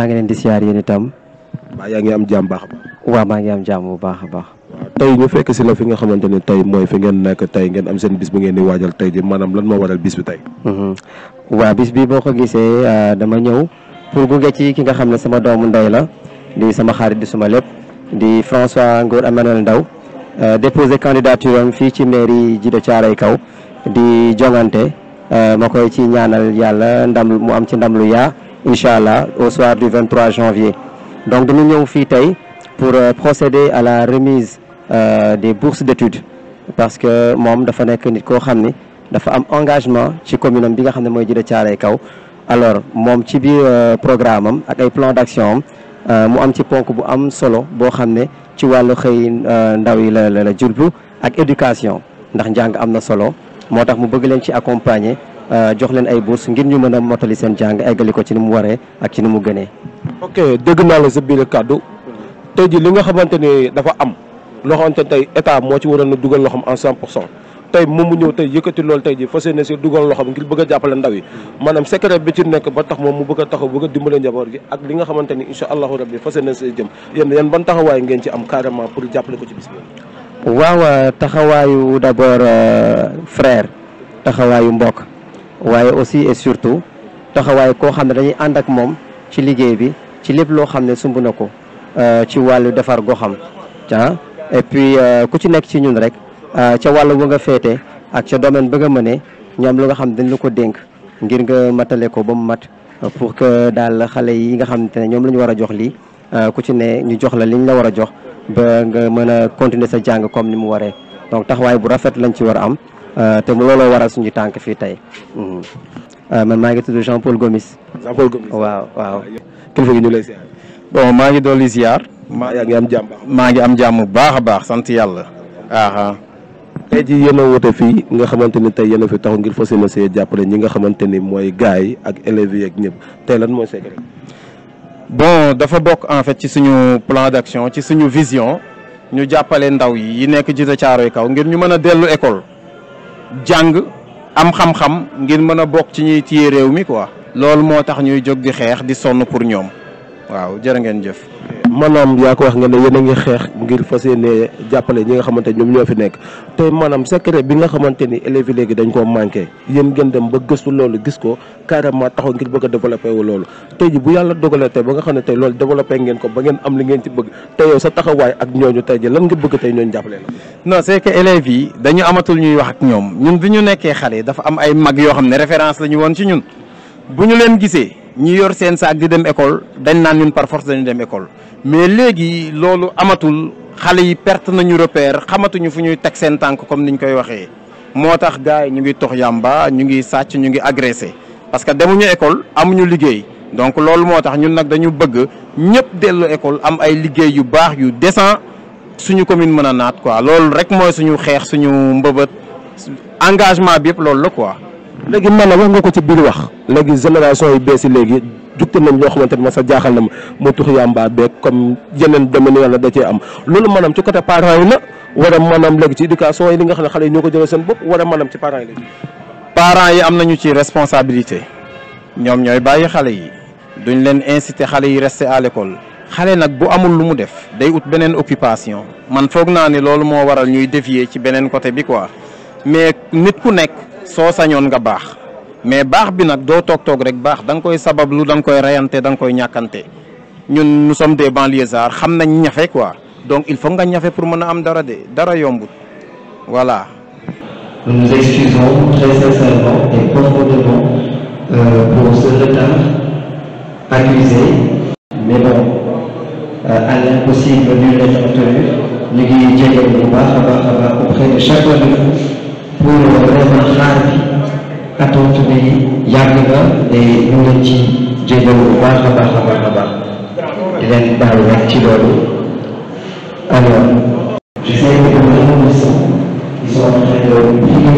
maa ngi leen di siyaar yéen itam. waaw yaa ngi am jàmm baax ba waaw maa ngi am jàmm bu baax a baax. tey ñu fekk si la fi nga xamante ni tey mooy fi ngeen nekk tey ngeen am seen bis bu ngeen di waajal tey ji lan moo waral bis bi tey. Mm-hmm. waaw bis bi boo ko gisee ah, dama ñëw pour gunge ci ki nga xam ne sama doomu ndey la di sama xarit di suma lépp di François Ngor Emmanuel Ndaw ah, déposé candidature am fii ci mairie ji de Thiaroye Kaw di jongante ah, ma koy ci ñaanal yàlla ndam mu am ci ndam lu yaa. incha allah au soir du 23 janvier donc dañu ñëw fii tey pour euh, procéder à la remise euh, des bourses d'études parce que moom dafa nekk nit koo xam ne dafa am engagement ci communam bi nga xam ne mooy Djiddah Thiaroye Kaw alors moom ci biir euh, programme am ak ay plan d'action am mu am ci ponk bu am solo boo xam ne ci wàllu xëy ndaw yi la la jublu ak éducation ndax njàng am na solo moo tax mu bëgg leen ci accompagner Euh, jox leen ay bourse ngir ñu mën a mottali seen jàng eggali ko ci ni mu waree ak ci ni mu gënee. ok dégg naa la sa biir kàddu tey ji li nga xamante ni dafa am loo xamante tey état moo ci waroon na dugal loxoom en 100 pour cent tey moom mu ñëw tey yëkkati loolu tey ji fas yéene si dugal loxoom ngir bëgg a jàppale ndaw yi maanaam secret bi ci nekk ba tax moom mu bëgg a taxaw bëgg a dimbale njaboot gi ak li nga xamante ni incha allahu rabbi fas yéene si jëm yéen yan ban ngeen ci am carrément pour jàppale ko ci bis bi waaw taxawaayu d'abord euh, frère mbokk waaye aussi et surtout taxawaay koo xam ne dañuy ànd ak moom ci liggéey bi ci lépp loo xam ne sumb na ko euh, ci wàllu defar goxam ah et puis euh, ku ci nekk ci ñun rek euh, ca wàll bu nga féete ak ca domaine ba nga mënee ñu am lu nga xam ne dañ la ko dénk ngir nga matale ko ba mu mat pour que daal xale yi nga xamante ne ñoom la ñu war a jox lii ku ci ne ñu jox la liñ la war a jox ba nga mën a continuer sa jàng comme ni mu waree donc taxawaay bu rafet lañ ci war a am Euh, te looloo waral suñu tànk fii tey. Mhm. Euh, man maa ngi tudd Jean waaw waaw. kilifa gi ñu bon maa ngi dolli ziar. maa ngi am jàmm maa ngi am jàmm bu baax a baax sant yàlla. aha tey jii yéen a woote fii nga xamante ni tey yéen a fi taxu ngir fas yéene see jàppale ñi nga xamante ni mooy gars yi ak élèves yi ak ñëpp tey lan mooy secret. bon dafa bokk en fait ci suñu plan d'action ci suñu vision ñu jàppale ndaw yi yi nekk Djidah yi Kaw ngir ñu mën a dellu école. jàng am xam-xam ngir mën a bokk ci ñuy téye réew mi quoi. loolu moo tax ñuy jóg di xeex di sonn pour ñoom waaw jërë ngeen jëf. maanaam yaa ko wax nga ne yéen ngi xeex ngir fas yéene jàppale ñi nga xamante ne ñoom ñoo fi nekk tey maanaam secret bi nga xamante ni élèves yi léegi dañ koo manqué yéen ngeen dem ba gëstu loolu gis ko carrément taxaw ngir bëgg développé wu loolu tey ji bu yàlla ba nga xam ne loolu développé ngeen ko ba ngeen am li ngeen ci sa taxawaay ak ñooñu tey ji lan nga bëgg tey ñooñu jàppale la non c'est yi dañu amatul ñuy wax ak ñoom ñun bi ñu nekkee xale dafa am ay mag yoo xam ne référence la ñu woon ci ñun bu ñu leen gisee ñi yor seen saak di dem école dañ naan ñun par force dañu dem école mais léegi loolu amatul xale yi perte nañu repère xamatuñu fu ñuy teg seen tànk comme ñu koy waxee moo tax gars yi ñu ngi tox yàmba ñu ngi sàcc ñu ngi agressé parce que demuñu école amuñu liggéey donc loolu moo tax ñun nag dañu bëgg ñëpp dellu école am ay liggéey yu baax yu décent suñu commune mën a naat quoi loolu rek mooy suñu xeex suñu mbëbët engagement bi yëpp loolu la quoi. léegi man la wax nga ko ci biir wax. léegi génération yu bees yi léegi jukkal nañ loo xamante ni ma sa jaaxal na ma moo tux yàmba beeg comme yeneen domaine yàlla da cee am loolu maanaam ci côté parents yi la war a maanaam léegi ci éducation yi li xam ne xale ñoo ko jëlee seen bopp a maanaam ci parents yi yi am nañu ci responsabilité ñoom ñooy bàyyi xale yi duñ leen inciter xale yi rester à l'école xale nag bu amul lu mu def day ut beneen occupation man foog naa ne loolu moo waral ñuy dévier ci beneen côté bi quoi mais nit ku nekk soo sañoon nga baax mais baax bi nag doo toog toog rek baax da nga koy sabab da nga koy reyante da nga koy ñàkkante ñu ñun nous sommes des banlieusards xam nañ ñafe quoi donc il faut nga ñafe pour mën a am dara de dara yombut voilà. Nous nous très sincèrement et euh, pour ce retard accusé mais bon euh, à l'impossible nul n'est obtenu ñu ngi jégalu bu baax a baax a baax auprès de chacun de vous pour vraiment xaar quatorze bi yàgg na te ñu ngi leen ci jégalu bu baax a baax a baax a baax di leen baal rek ci loolu alors je sais que nous sommes ils sont en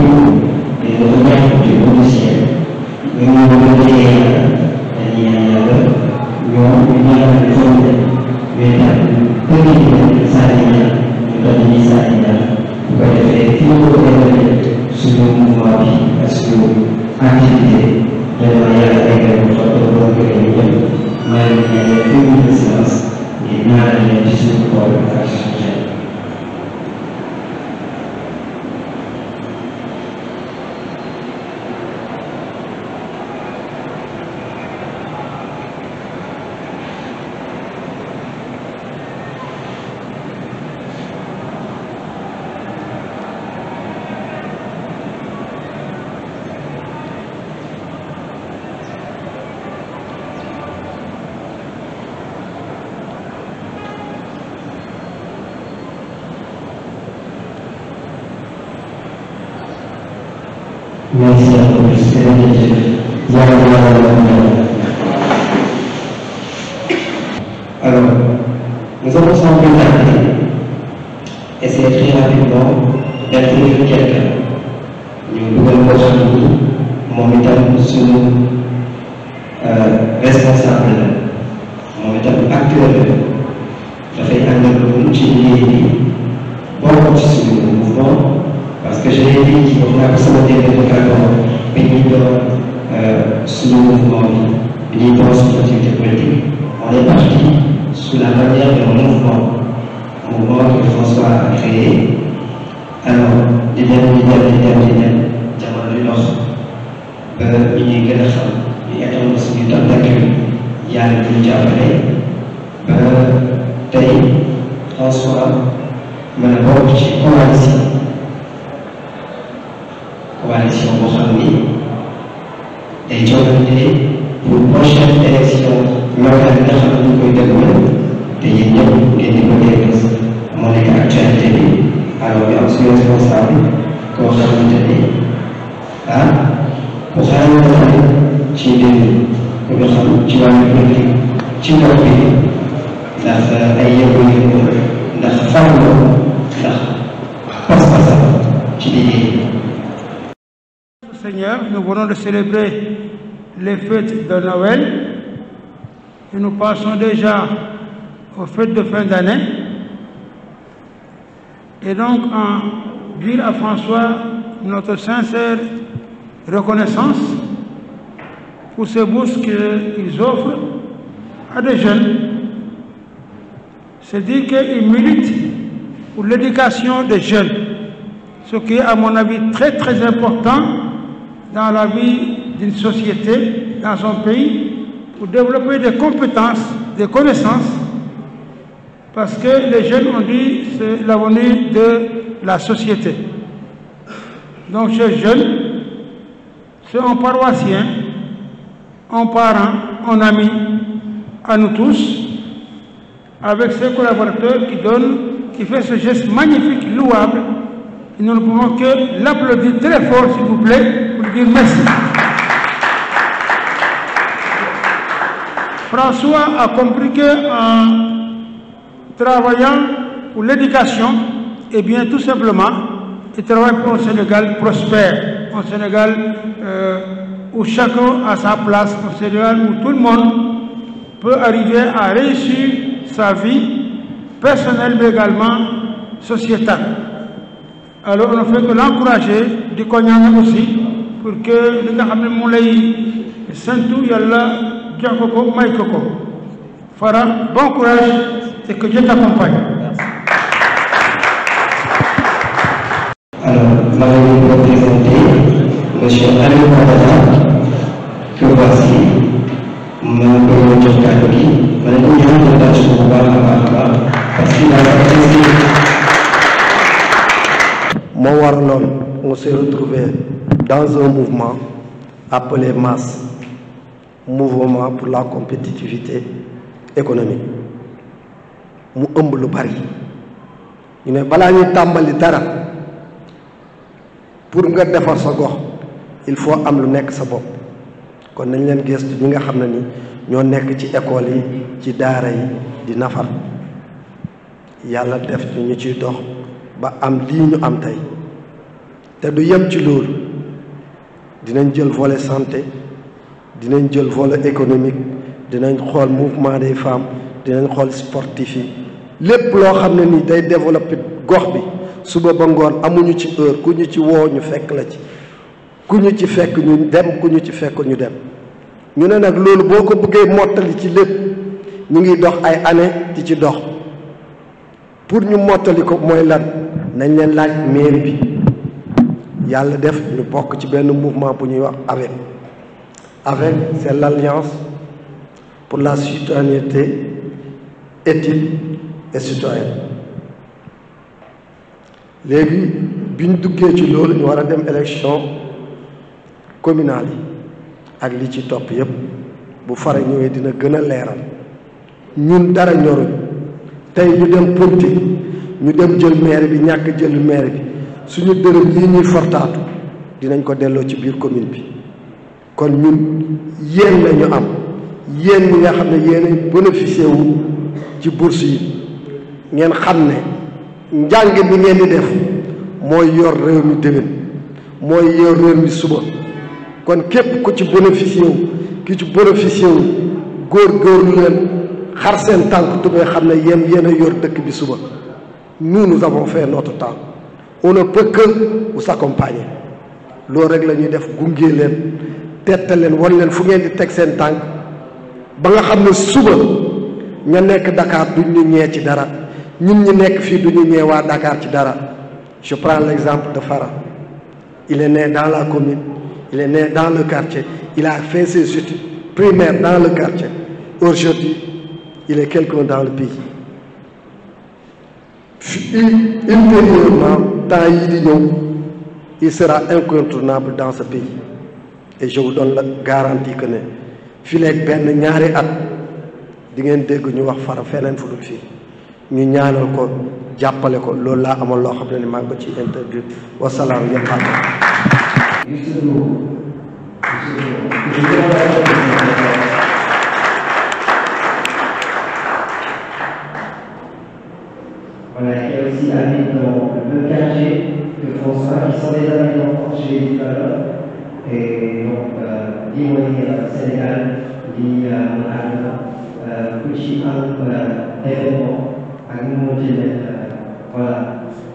célébrer les fêtes de Noël et nous passons déjà aux fêtes de fin d'année. Et donc, en dire à François notre sincère reconnaissance pour ces bourses qu'ils offrent à des jeunes, c'est dire qu'ils militent pour l'éducation des jeunes, ce qui est à mon avis très important dans la vie d'une société, dans son pays, pour développer des compétences, des connaissances, parce que les jeunes ont dit c'est l'avenir de la société. Donc ces jeunes, c'est un paroissien, un parent, un ami à nous tous, avec ses collaborateurs qui fait ce geste magnifique, louable, et nous ne pouvons que l'applaudir très fort, s'il vous plaît. biir Messi. François a compris qu'en travaillant pour l'éducation, eh bien, tout simplement, il travaille pour un Sénégal prospère, un Sénégal euh, chacun a sa place, un Sénégal où tout le monde peut arriver à réussir sa vie personnelle, mais également sociétale. Alors, on fait que l'encourager, du cognac aussi, pour que li nga xam ne mu lay santu yàlla jox ko ko may ko ko Farah bon courage et que Dieu t'accompagne dans un mouvement appelé MAS, Mouvement pour la compétitivité économique mu ëmb lu bari ñu ne balaa ñuy tàmbali dara pour nga defar sa gox il faut am lu nekk sa bopp kon nañ leen gëstu ñi nga xam ne ni ñoo nekk ci école yi ci daara yi di nafar yàlla def ñu ciy dox ba am lii ñu am tey te du yem ci loolu dinañ jël volet santé dinañ jël vole économique dinañ xool mouvement des femmes dinañ xool sportif yi lépp loo xam ne ni day développer gox bi suba ba ngoon amuñu ci heure ku ñu ci woo ñu fekk la ci ku ñu ci fekk ñu dem ku ñu ci fekk ñu dem ñu ne nag loolu boo ko bëggee mottali ci lépp ñu ngi dox ay année di ci dox pour ñu mottali ko mooy lan nañ leen laaj mairie bi yàlla def ñu bokk ci benn mouvement bu ñuy wax avec avec c'est l'alliance pour la citoyenneté éthique et citoyenne léegi bi ñu duggee ci loolu ñu war a dem élection communale yi ak li ci topp yépp bu fare ñëwee dina gën a leeral ñun dara ñoruñ tey ñu dem politique ñu dem jël maire bi ñàkk jël maire bi suñu dërëm yi ñuy fortaatu dinañ ko delloo ci biir commune bi kon ñun yéen la am yéen ñi nga xam ne yéen bénéficié wu ci bourse yi ngeen xam ne njàng mi ngeen di def mooy yor réew mi déwén mooy yor réew mi suba kon képp ko ci bénéficié wu ki ci bénéficié wu góor-góorlu leen xar seen tànk tubee xam ne yéen yéen a yor dëkk bi suba nous nous avons fait notre on ne peut que vous accompagner loolu rek la ñuy def gunge leen tette leen wan leen fu ngeen di teg seen tànk ba nga xam ne suba ña nekk dakaar du ñu ñee ci dara ñun ñi nekk fii duñu ñee waa Dakar ci dara je prends l'exemple de Fara il est né dans la commune il est né dans le quartier il a fait ses études primaires dans le quartier aujourd'hui il est quelqu'un dans le pays ultérieurement temps yii di ñëw il sera incontournable dans ce pays et je la garantie que ne fii benn ñaari at di ngeen dégg ñu wax fara feneen fu dul fii ñu ñaanal ko jàppale ko loolu laa amoon loo xam ne ni maa ko ci interdit wasalaam ñëpp celle-ci habite dans le quartier de François, qui sont des amis d'enfance chez les Et donc, euh, euh, euh, euh ni Sénégal, ni Moana, Kuchi Un, événement, à nous Voilà,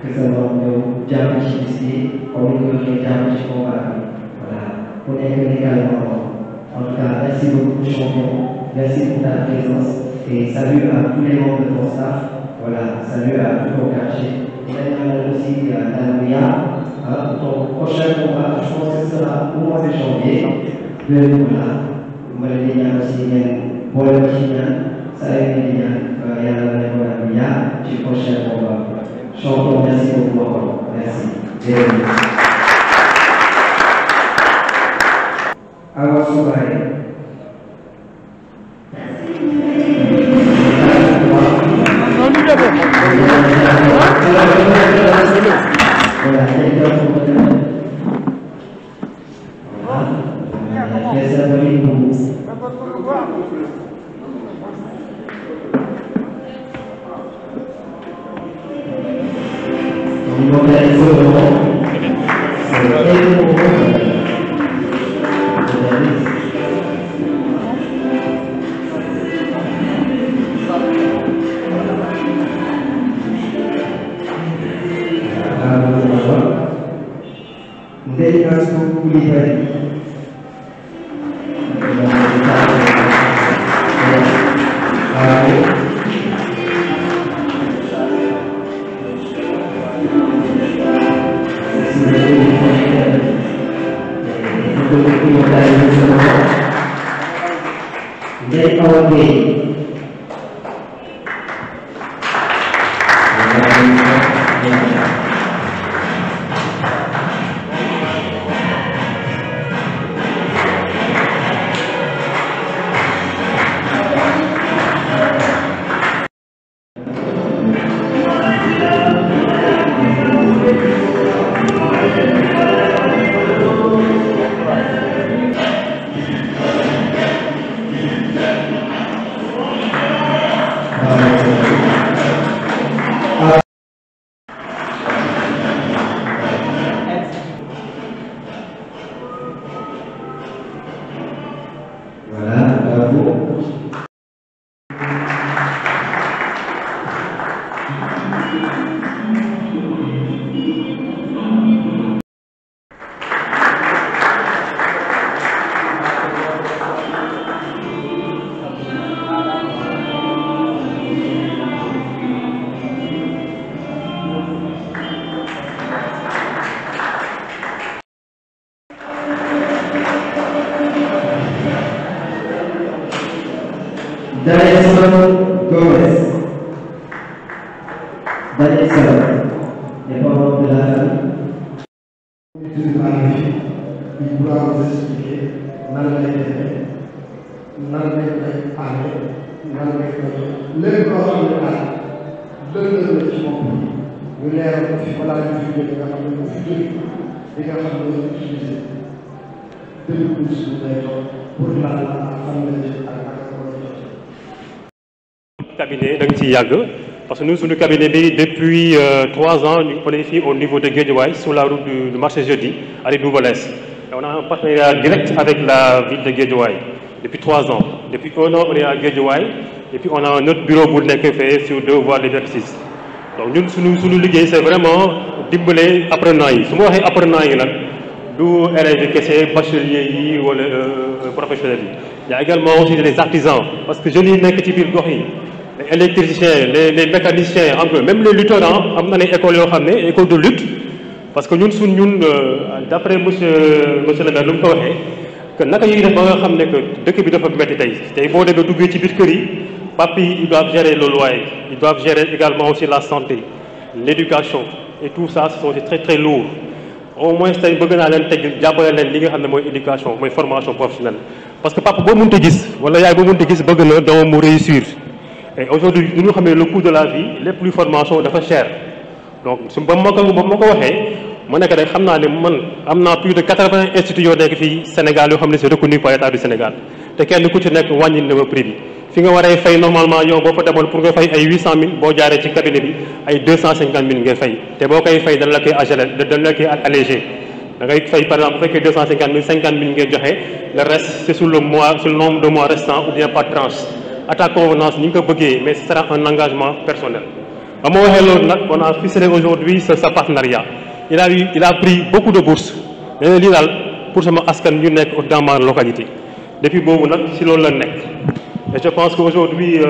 que ça va nous bien ici, on nous connaît bien ici pour Voilà, on est également. En tout cas, merci beaucoup, champion. Merci pour ta présence. Et salut à tous les membres de ton staff. Voilà, salut à tout mon quartier. Même aussi à Danomia. Hein, ton prochain combat, je pense que ce sera au mois de janvier. Le voilà. Maladinya aussi yang boleh macamnya. Saya ini yang yang lepas Danomia. Du prochain combat. Champion, merci beaucoup encore. Merci. Bienvenue. Alors, Soleil. Jason Gomez. Daniel Salam. Les parents de la famille. Il pourra vous expliquer nan lay demee nan lañ koy amee nan lañ koy lépp loo xam ne daal dëgg la ci bopp ñu leeral ko fi balaa ñu fi jóge nga xam ne moo fi jóge di nga xam ne ñu utilisé dëgg suñu lay toog cabinet da nga ciy yàgg parce que nous suñu cabinet bi depuis euh, trois ans on est au niveau de Guédiawaye sur la route du marché jeudi à Loubalès et on a un partenariat direct avec la ville de Guédiawaye depuis trois ans depuis on est à notre bureau bu nekk fee sur deux voies d'exercice donc ñun suñu suñu liggéey c'est vraiment dimbale apprenants yi su ma waxee apprenants yi nag du élèves yi kese bachelier yi wala euh, euh, yi y également aussi des artisans parce que yi nekk ci biir gox les électriciens les les mécaniciens entre même les lutteurs am na ay écoles yoo xam ne école de lutte parce que ñun suñ ñun euh, d'après monsieur monsieur le maire lu mu ko waxee naka yi def ba nga xam ne que dëkk bi dafa metti tey tey boo demee duggee ci biir kër yi papi yi ils doivent gérer le loyer ils doivent gérer également aussi la santé l'éducation et tout ça ce sont des très très lourds au moins tey bëgg naa leen teg jàppale leen li nga xam ne mooy éducation mooy formation professionnelle wala yaay gis bëgg na doomam et aujourd'hui du ñu xamee le coût de la vie lépp luy formation dafa cher donc su ba ma ko ba ma ko waxee mu nekk rek xam naa ne man am naa plus de quatre-vingts instituts yoo nekk fii Sénégal yoo xam ne c'est reconnu par état du Sénégal te kenn ku ci nekk wàññi na ma prix bi fi nga waree fay normalement yow boo fa demoon pour nga fay ay huit cent mille boo jaaree ci cabinet bi ay deux cent cinquante mille ngay fay te boo koy fay dana à ta convenance ni nga ko bëggee mais ce sera un engagement personnel ba ma waxee loolu nag on a ficelé aujourd'hui ce sa partenariat il a eu il a pris beaucoup de bourses nee lii daal pour sama askan ñu nekk dans ma depuis boobu nag si loolu la nekk e je pense que aujourd'hui euh,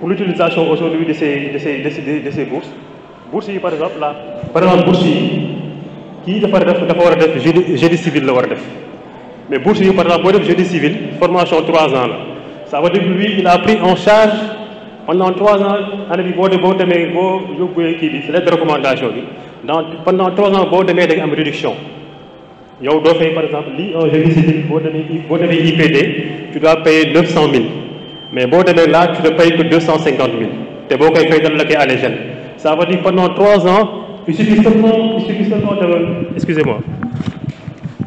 pour l'utilisation aujourd'hui de ces de ces de ces de ces yi par exemple la par exemple bourses yi kii dafa def dafa war a def génie génie civil la war a def mais bourses yi par exemple la sa veut dire que lui, il a pris en charge pendant trois ans année bi boo de boo demee boo yóbbuwee kii bi lettre de recommandation bi dans pendant trois ans boo demee da nga am réduction yow doo fay par exemple lii un génie civil boo demee boo demee IPD tu dois payer neuf cent mille mais boo demee là tu ne payes que deux te boo koy fay dal la koy allégé ça veut dire pendant trois ans il suffit seulement il suffit seulement de excusez-moi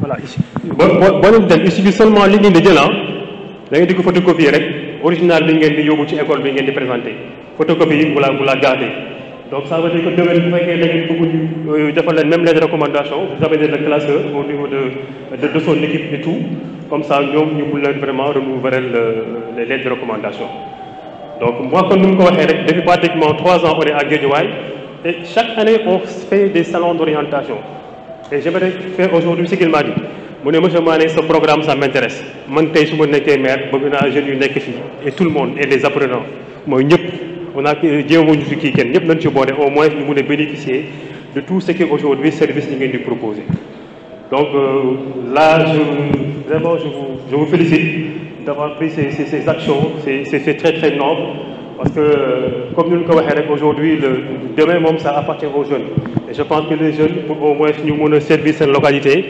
voilà boo boo leen dem il suffit seulement li ñu di la ngeen di ko photocopier rek original bi ngeen di yóbbu ci école bi ngeen di présenté photocopie yi vous la vous la gardez donc ça veut que déwén bu fekkee da ngeen bëgg euh, defal leen même les recommandations vous avez le classeur au niveau de de de équipe et tout comme ça ñoom ñu mun leen vraiment renouveler les lettres de recommandation. donc moi comme ni mu ko waxee rek depuis pratiquement trois ans on est à Guédiawaye et chaque année on fait des mu ne monsieur Mané sa programme sa m'intéresse man tey su ma nekkee maire bëgg naa jeunes yu nekk fii et tout le monde et les apprenants mooy ñëpp on a euh, fi kii kenn ñëpp nañ ci boole au moins ñu mun a bénéficier de tout ce que aujourd'hui service yi ngeen di proposer donc euh, là je vous, vraiment je vous je vous félicite d'avoir pris ces ces, actions c'est très très noble parce que euh, comme ni ñu ko waxee rek aujourd'hui demain moom sa appartient aux jeunes et je pense que pour au moins ñu mën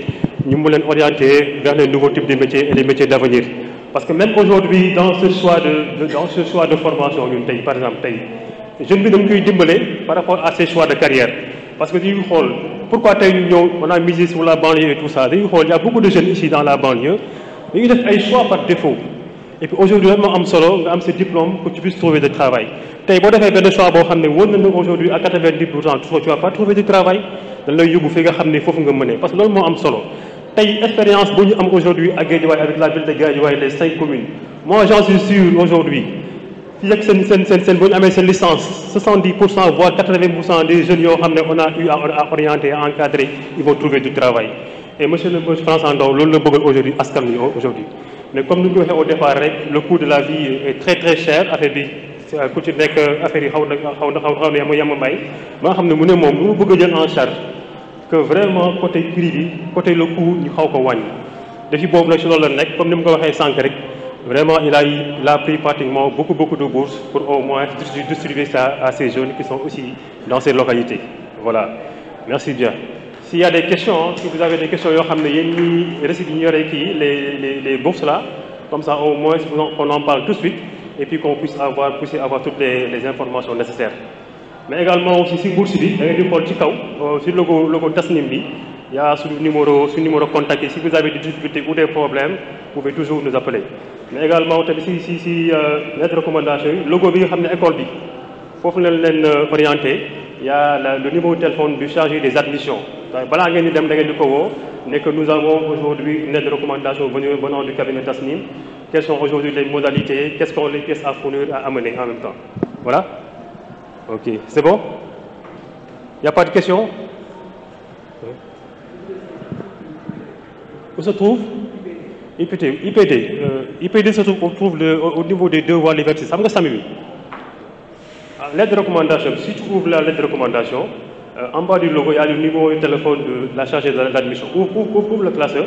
ñu voulons orienter vers les nouveaux types de métiers et d'avenir. Parce que même aujourd'hui, dans ce choix de, dans ce choix de formation, par exemple, je ne vais pas par rapport à ces choix de carrière. Parce que pourquoi on a misé sur la banlieue et tout ça Il y a beaucoup de jeunes ici dans la banlieue, mais ils ont un choix par défaut. Et puis aujourd'hui, on a solo, on a ce diplôme pour que tu puisses trouver du travail. Tu tey expérience bu ñu am aujourd'hui à Guédiawaye avec la ville de Guédiawaye les cinq communes moi j'en suis aujourd'hui fii ak seen seen seen seen ñu amee seen licence soixante-dix pour cent voire quatre-vingts pour cent des jeunes yoo xam ne on a eu à orienter à encadrer ils trouver du travail et monsieur le François loolu la bëggal aujourd'hui askan wi aujourd'hui mais comme ni ñu ko waxee départ rek le coût de la vie est très très cher affaire bi euh, ku ci nekk affaire yi na xaw ba nga xam ne mu ne moom lu a que vraiment côté prix bi côté le coût ñu xaw ko wàññi défi boobu nag si loolu la nekk comme ni mu ko waxee sànq rek vraiment il a il a pris pratiquement beaucoup beaucoup de bourses pour au moins distribuer ça à ces jeunes qui sont aussi dans ces localités voilà merci bien s'il y a des questions si vous avez des questions yoo xam ne yéen ñii récits yi yore kii les les les bourses là comme ça au moins on en parle tout de suite et qu'on puisse avoir toutes les les mais également aussi si bourse bi da ngeen di xool ci kaw euh, si logo logo Tasnim bi yaa a suñu numéro suñu numéro contact si vous avez des difficultés ou des problèmes vous pouvez toujours nous appeler mais également tamit si si si euh, lettre recommandation yi logo bi nga xam ne école bi foofu la leen euh, orienté y a la, le numéro de téléphone du chargé des admissions donc balaa ngeen di dem da ngeen di ko woo ne que nous avons aujourd'hui une lettre de recommandation venue venant du cabinet Tasnim quelles Ok, c'est bon Il a pas de questions Où se trouve IPT. IPD. Euh, IPD trouve, le, au, au niveau des deux voies les vertices. xam nga sami bi ah, lettre de recommandation bi si tu la lettre de recommandation euh, en logo il y a le numéro de téléphone de la chargée d'admission. Ouvre, ouvre, ouvre le classeur.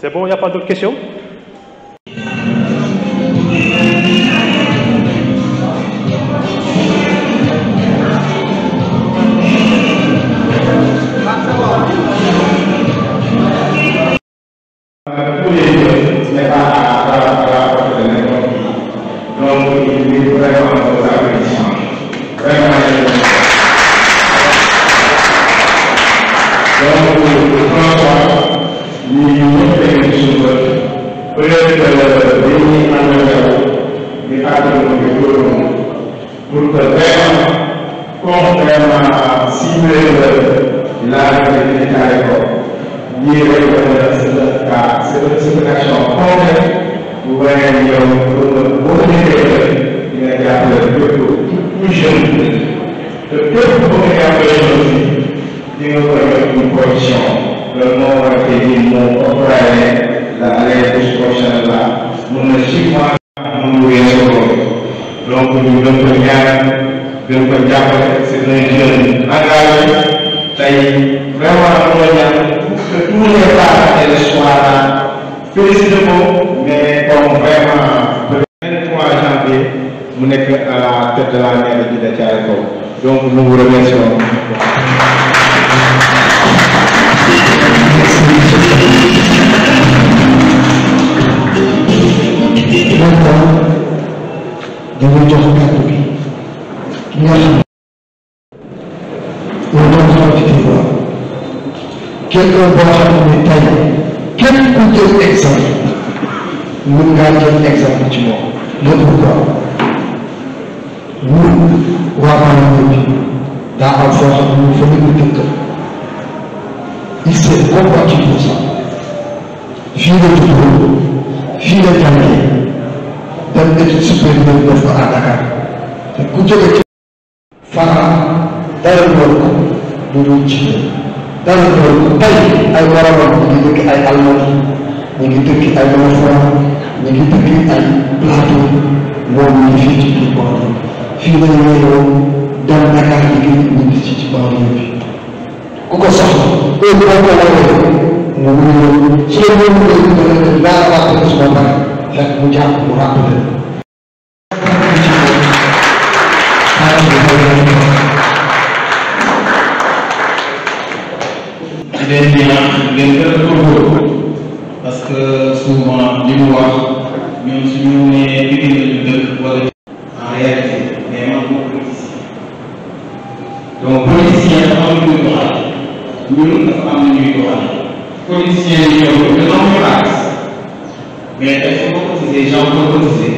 C'est bon, il n'y a pas d'autres questions là les détails pour dire que cette, cette, cette action concrète pourrait être modérée il a gardé le peuple plus jeune. Le peuple pourrait garder aujourd'hui d'une première position. Le mot a été dit, mon compagnon, la lettre du prochain là, nous ne suivons pas, nous ne Donc, nous ne pouvons pas, nous ne pouvons pas, c'est un jeune engagé. tey vraiment am na ñaan que tous les parents et les soirs là félicité ko mais comme vraiment mu nekk à la tête de la mairie de Thiaroye Kaw donc nous vous remercions. dañuy jox kàddu bi quelqu'un boo xam ne tey képp ku jël exemple mën ngaa jël exemple ci moom loolu pourquoi ñun waa maanaam bi daa am foo xam ne fa ñu dëkk il s'est combattu pour ça fii la juddoo fii la jàngee dem étude supérieure def ko à Dakar te ku jóge ci fara dara loolu ko loolu jiite dara loolu tey ay waraloon ñu ngi tukki ay almal ñu ngi tukki ay Bamako ñu ngi tukki ay plateau moom ñu ngi fii ci biir boor fii la ñu wéyoo dem Dakar liggéey ñu ngi ci ci boor bi ku ko soxla heure boo ko lawee mu wéyoo ci la ñu wéyoo ñu ngi lay laal laal ko Ousmane Ba fekk mu jàpp mu rappelé ngeen di yàq ngeen gën a góorgóorlu parce que souvent li mu wax ñoom suñu nee liggéey nañu dëkk wala en réalité mais man moom politicien donc politicien dafa am lu muy doxal ñun dafa am lu ñuy doxal politicien yi ñoom ñoom ñoo am xaalis mais dafa bokk ci des gens boo cotisé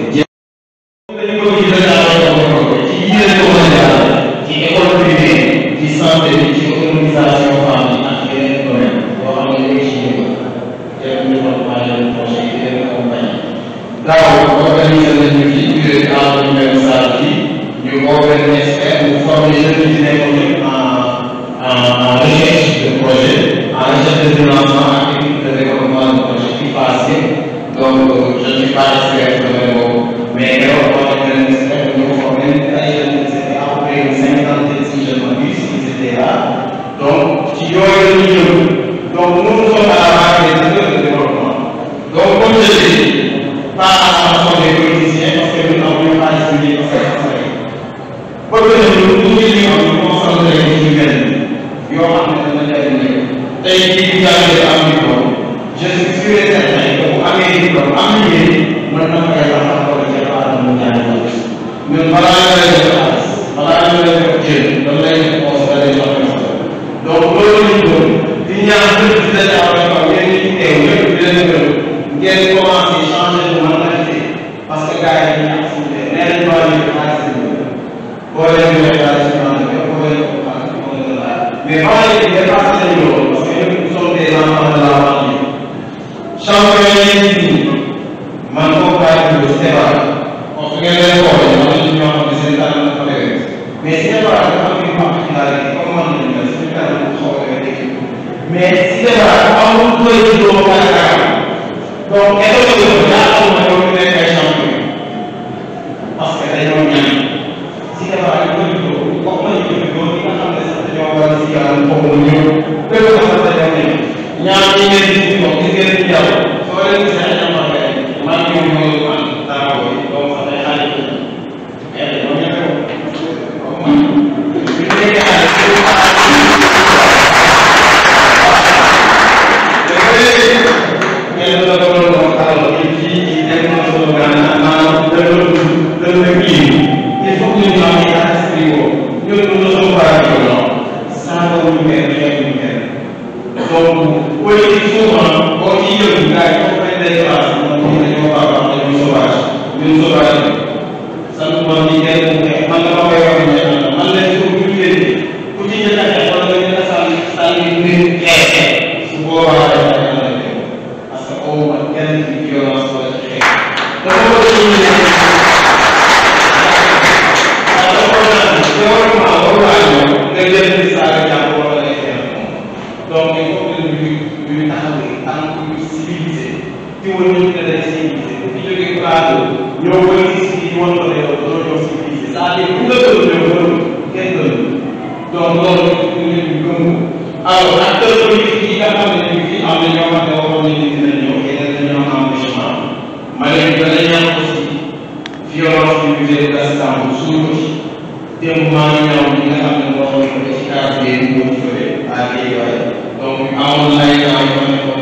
ndaxte bu ne loolu kenn gëm donc loolu ñu ne ñu gëm alors acteurs politiques yi nga xam ne ñu fi am na ñoo ne waxoon nañu ne dina ñëw yeneen dañoo am chemin ma leen dana ñaan aussi violence bi ñu jëlee président suñu ci démb maa ngi ñaaw ñi nga xam ne moo ne ci quartier yi mu ngi fële à Guédiawaye donc amoon ay ñaaw yoo xam ne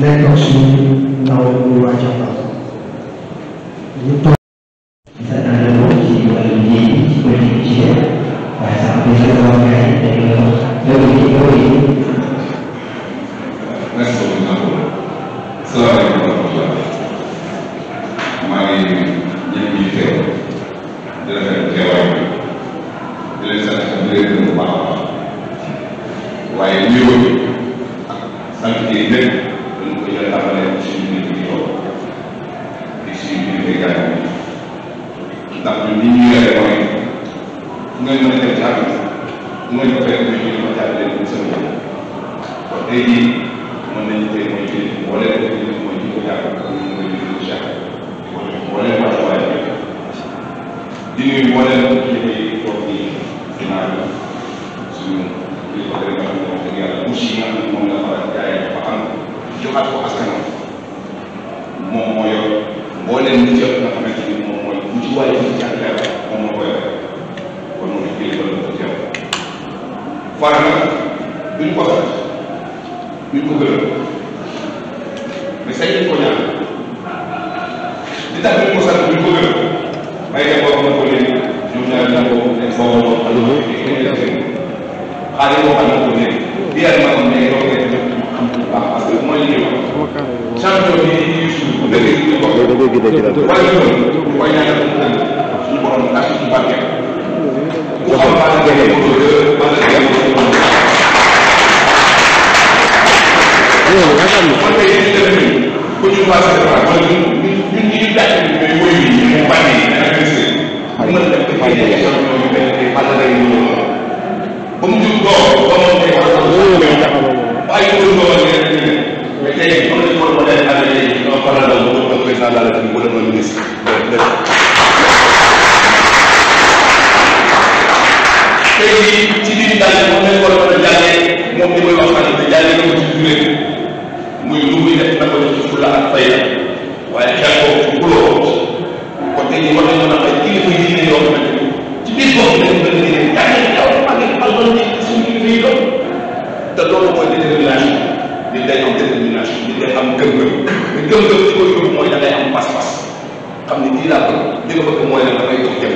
lay doon suñu ndaw ñu waa Jambaar li tax ñu ko sant ñu ko gërëm may dem wax na ko léegi ñoom ñaar ñoo ko ne foofu la ko xaaral moo xam ne ko léegi lii ak maanaam ne yow ngeen def waaw parce que mooy li ñuy wax champion bi ñuy suuf bu dëgg ñu ko wala ñu ko koy ñaanal mu tënk suñu borom ak suñu barke ku xam baa ngeen ko wala ngeen ko loolu yaakaar naa ko ñu passé par jàkk bi mooy wóy bi mu bàyyi dana gis mu mën def ko fay nekk yoon ñooñu benn bi fàll lay ñu ba mu jur doom ba moom day wax waaye ñu doom ak yeneen ñu mais tey am na ko mën a amee léegi ñoo ko la doon ba président de la République wala ministre de tey jii ci biir daal moom lañ ko yi war nañoo naan ay kilifa yi diine yoo xamante ni ci biir boobu dañu mën a génne jàngale taw mag yi xam nga ni suñu kilifa yi doon te loolu mooy détermination nit day am détermination nit day am gëm-gëm te gëm-gëm ci koy yóbbu mooy da ngay am pas-pas xam ni kii laa bëgg li nga bëgg mooy lan da ngay jox jëm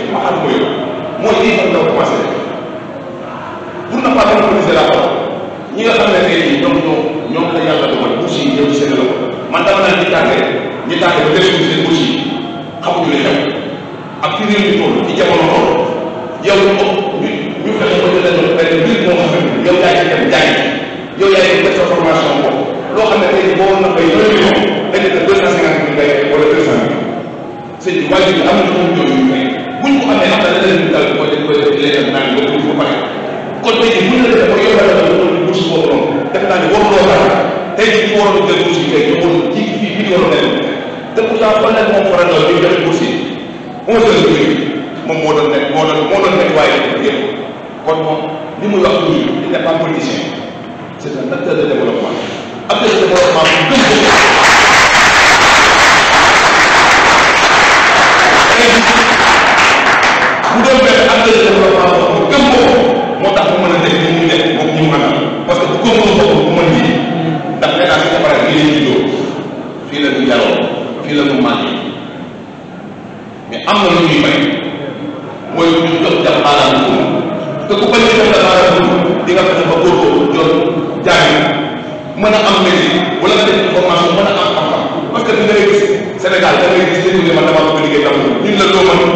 mën a am mairie wala nga def formation mën a am xam-xam parce que dangay gis Sénégal dangay gis dañu ne man damaa bëgg liggéey tam ñun la doo mën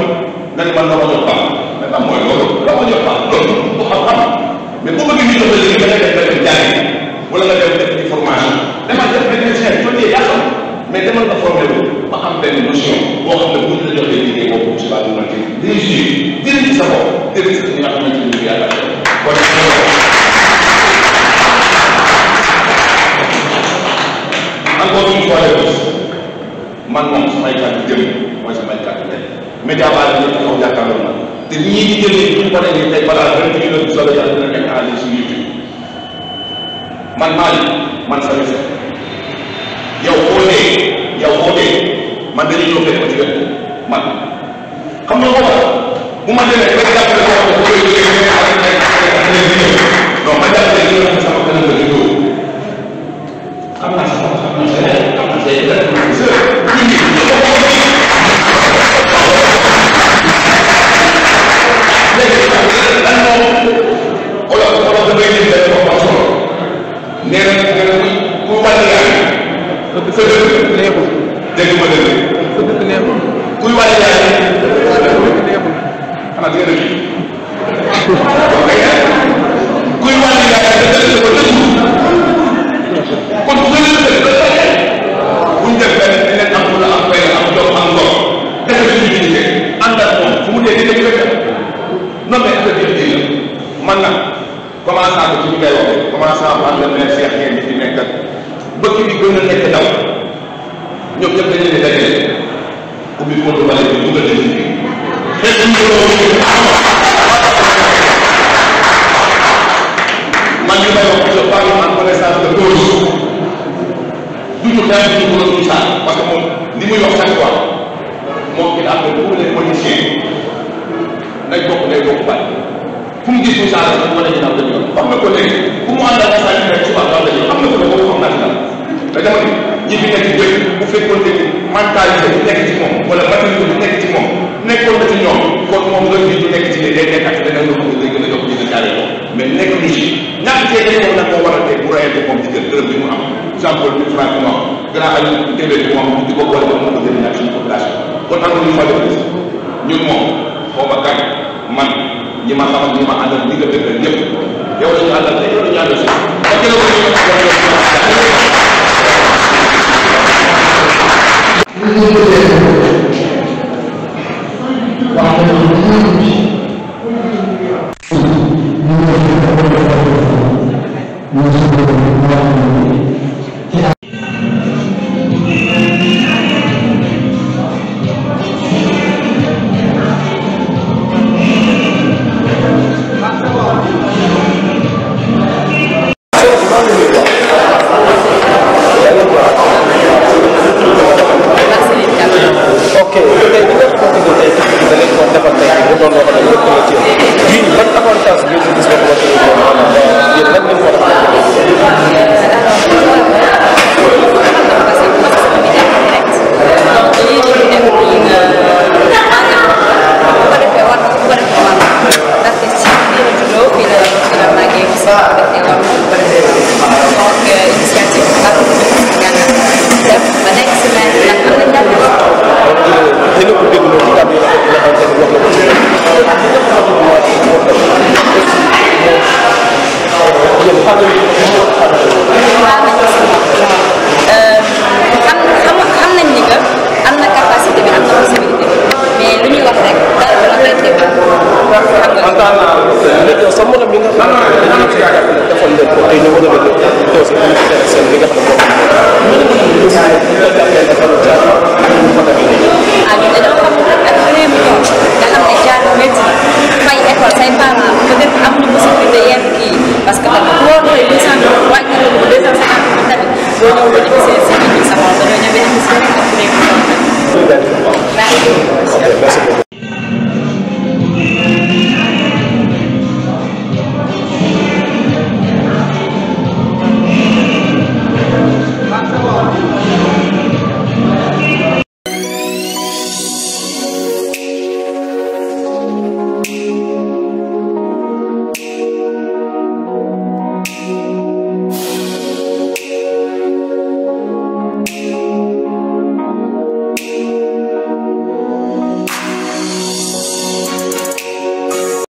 nga ne man dama jot baax maintenant mooy loolu dama jot baax loolu du xam-xam mais bu bëgg ñu jox la léegi nga def nga dem jàngi wala nga dem def ci formation demal def benn chaîne soo dee yaa xam mais demal nga formé wu ba am benn notion boo xam ne bu ñu la joxee liggéey boobu si baa dina ci réussir jëriñ ci sa bopp jëriñ ci ñi nga xamante ni yàlla kon man moom su may kàddu jëm mooy su may kàddu tey média baa ngi ñëpp taxaw jàkkaarloo na te ñii di jëlee ñu ko dañuy tey balaa vingt huit heures solo yàlla dina nekk àll si YouTube man maa man sa message yow boo dee yow boo dee man dañuy ñëw fekk ma ci wet man xam nga ko bu ma demee fële neexul dégg ma dëgg di ko boole moom ko jëriñ ak suñu population kon am na lu ñu fa def